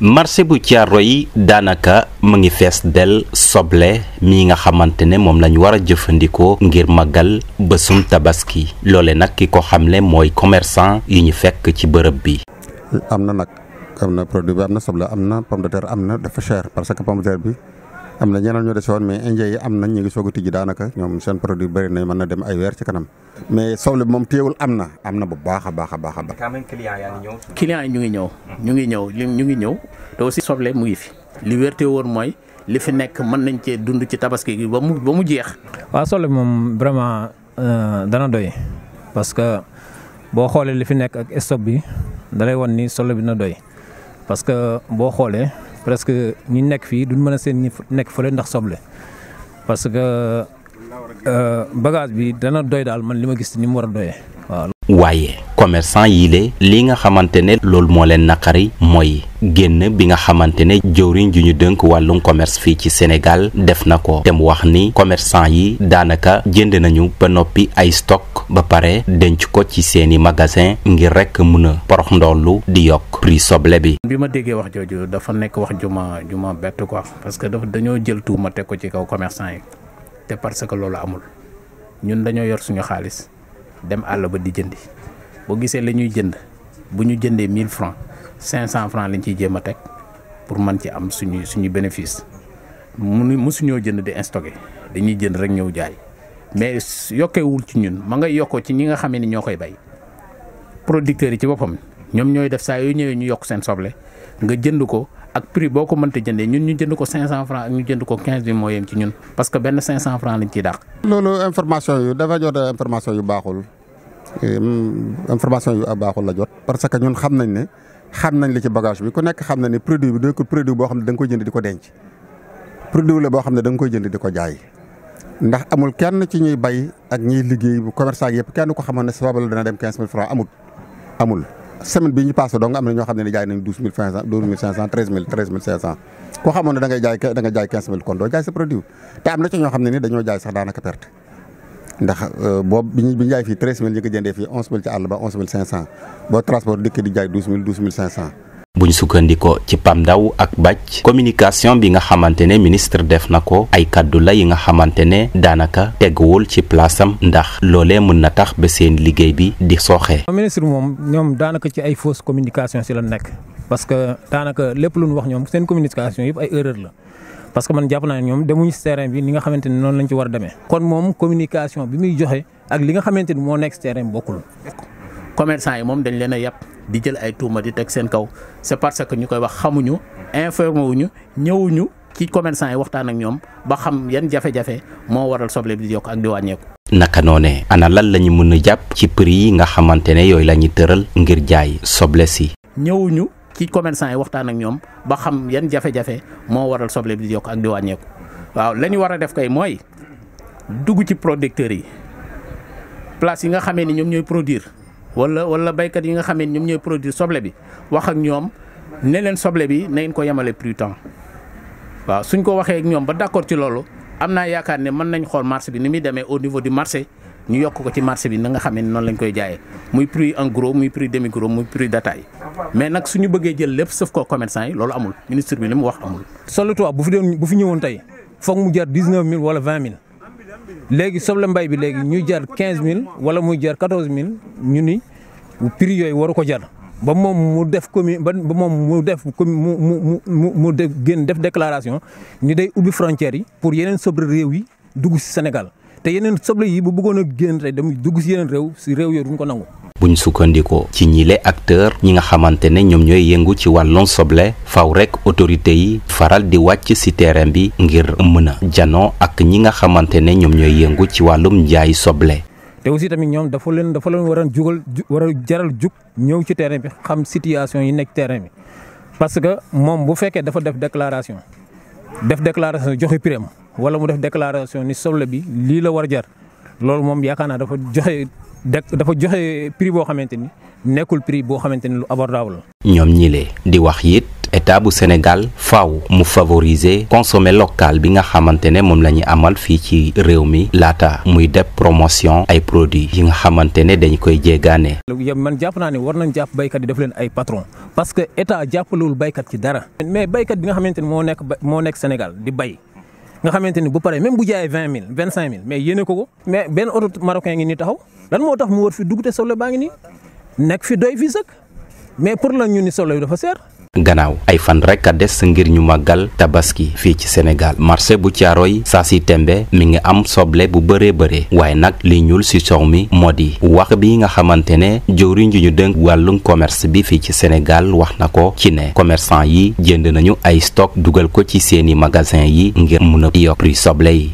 marché bu Thiaroye yi daanaka mu ngi fees del soble mi nga xamante ne moom lañu war a jëfandikoo ngir màggal bésum tabaski loole nag ki ko xamle mooy commerçant yi ñu fekk ci bërëb bi. am na nag am na produit bi am na soble am na pomme de terre am na dafa cher parce que pomme de terre bi. am na ñeneen ñu dese woon mais indien yi am na ñu ngi soog a daanaka ñoom seen produit bëri na mën na dem ay weer ci kanam mais soble bi moom téewul am na am na bu baax a baax a baax a baax. quand même client yaa ngi ñëw. client yi ñu ngi ñëw. ñu ngi ñëw ñu ngi ñëw soble mu ngi fi li woon mooy li fi nekk mën nañ cee dund ci tabaski gi ba mu ba mu jeex. waaw soble bi moom vraiment euh, dana doy parce que boo xoolee li fi nekk ak stock bi da lay nii ni soble bi na doy parce que boo xoolee. presque ñu nekk fii duñ mën a seen ñi nekk folee ndax soble parce que euh, bagage bi dana doy daal man li ma gis ni mu war a doyee waaw. waaye commerçant yii lée li nga xamante ne loolu moo leen naqari mooy génn bi nga xamante ne jëwriñ ju ñu dënk wàllum commerce fii ci Sénégal def na ko te mu wax ni commerçant yi daanaka jënd nañu ba noppi ay stock ba pare denc ko ci seeni magasin ngir rek mun a porox lu di yokk prix soble bi. bi ma déggee wax jooju dafa nekk wax ju ma ju ma bett parce que dafa dañoo jël tuuma teg ko ci kaw commerçant yi te parce que loolu amul ñun dañoo yor suñu xaalis. dem àll ba di jëndi boo gisee la ñuy jënd bu ñu jëndee 1000 francs cent francs lañ ciy jéem a teg pour man ci am suñu suñu bénéfice mu mosuñoo jënd di stocké dañuy jënd rek ñëw jaay mais yokkewul ci ñun ma ngay yokkoo ci ñi nga xam ni ñoo koy bay producteurs yi ci boppam. ñoom ñooy def saa yu ñëwee ñu yokk seen soble nga jënd ko ak prix boo ko mënta jëndee ñun ñu jënd ko 500 francs ak ñu jënd ko 15 bi moo yem ci ñun que benn 500 francs lañ ciy dàq. loolu information yu dafa jot information yu baaxul information yu jot parce que ñun xam nañ ne xam nañ li ci bagage bi ku nekk xam na ne produit bi du ko produit boo xam ne da nga koy jënd di ko denc produit la boo xam ne danga koy jënd di ko jaay. ndax amul kenn ci ñuy bay ak ñuy liggéey bu commerçant yëpp kenn ko xamoon ne sabab la dana dem 15000 francs amul amul. semaine bi ñu jaay nañ douze mille ñu bi ñu jaay fii onze mille ci àll ba onze mille cinq cent transport dikk di jaay bu ñu sukkandikoo ci Pam Ndaw ak Bac communication bi nga xamante ne ministre def na ko ay kàddu la yi nga xamante ne daanaka teguwul ci plaasam ndax loolee mën na tax ba seen liggéey bi di sooxee. ministre moom ñoom daanaka ci ay fausse communication si la nekk parce que daanaka lépp lu ñu wax ñoom seen communication yëpp ay erreur la. parce que man jàpp naa ñoom demuñu si terrain bi ni nga xamante ne noonu lañ ci war a demee. kon moom communication bi muy joxe ak li nga xamante ni moo nekk si bokkul. commerçant yi moom dañ leen a yàpp di jël ay tuuma di teg seen kaw c'est parce que ñu koy wax xamuñu informé wuñu ñëwuñu ci commerçant yi waxtaan ak ñoom ba xam yan jafe-jafe moo waral soble bi di yokk ak di wàññeeku. naka noonee ana lan la ñu mën a jàpp ci prix yi nga xamante ne yooyu la ñu tëral ngir jaay soble si. ñëwuñu ci commerçant yi waxtaan ak ñoom ba xam yan jafe moo waral soble bi di yokk ak waaw lañu ñu war a def koy mooy dugg ci producteurs yi place yi nga xame ni ñoom ñooy produire. wala wala béykat yi nga xam ne ñoom ñooy produire soble bi wax ak ñoom ne leen soble bi na ngeen ko yemale prix temps waaw suñ ko waxee ak ñoom ba d'accord ci loolu am naa yaakaar ne mën nañ xool marché bi ni muy demee au niveau du marché ñu yokk ko ci marché bi na nga xam ne noonu lañ koy jaayee muy prix en gros muy prix demi gros muy prix détail mais nag suñu bëggee jël lépp sauf ko commerçant loolu amul ministre bi li mu wax amul. Solutois bu fi doon bu fi ñëwoon tey léegi soble mbay bi léegi ñuy jar quinze mille wala muy jar quatorze mille ñu ni prix yooyu waru ko jar ba moom mu def commune ba moom mu def mu mu mu mu def génn def déclaration ñu day ubbi frontières yi pour yeneen sobre réew yi dugg si Sénégal. te yeneen soble yi bu bëggoon a génn tey dem dugg si yeneen réew si réew yooyu duñ ko nangu. buñ sukkandikoo ci ñile acteur ñi nga xamante ne ñoom ñooy yëngu ci wàllum soble faw rek autorité yi faral di wàcc si terrain bi ngir mën a janoo ak ñi nga xamante ne ñoom ñooy yëngu ci wàllum njaay soble. te aussi tamit ñoom dafa leen dafa leen war a jugal war a jaral jug ñëw ci terrain bi xam situation yi nekk terrain bi parce que moom bu fekkee dafa def déclaration def déclaration joxe prime wala mu def déclaration ni soble bi lii la war a jar loolu moom yaakaar naa dafa joxe dafa joxe prix boo xamante ni nekkul prix boo xamante ni lu abordable la. ñoom ñile di wax yit état bu Sénégal faaw mu favoriser consommer local bi nga xamante ne moom la ñu amal fii ci réew mi laata muy def promotion ay produits yi nga xamante ne dañ koy jéggaane. man jàpp naa ne war nañ jàpp baykat yi def leen ay patron parce que état jàppalewul baykat ci dara. mais béykat bi nga xamante ni moo nekk moo nekk Sénégal di bay nga xamante ni bu paree même bu jaayee vingt mille vingt cinq mille mais yéene ko ko mais benn oto marocain ngi nii taxaw lan moo tax mu war fi dugute soble baa ngi nii nekk fi doy fii sëkk mais pour lan ñu ni soble bi dafa seer gannaaw ay fan rek a des ngir ñu màggal tabaski fii ci Sénégal marché bu yi saa si tembe mi ngi am soble bu bëree bëree waaye nag li ñuul si sow mi moo di wax bi nga xamante ne jëwriñ ju ñu dënk wàllum commerce bi fii ci Sénégal wax na ko ci ne commerçant yi jënd nañu ay stock dugal ko ci seeni magasin yi ngir mun a yokk prix soble yi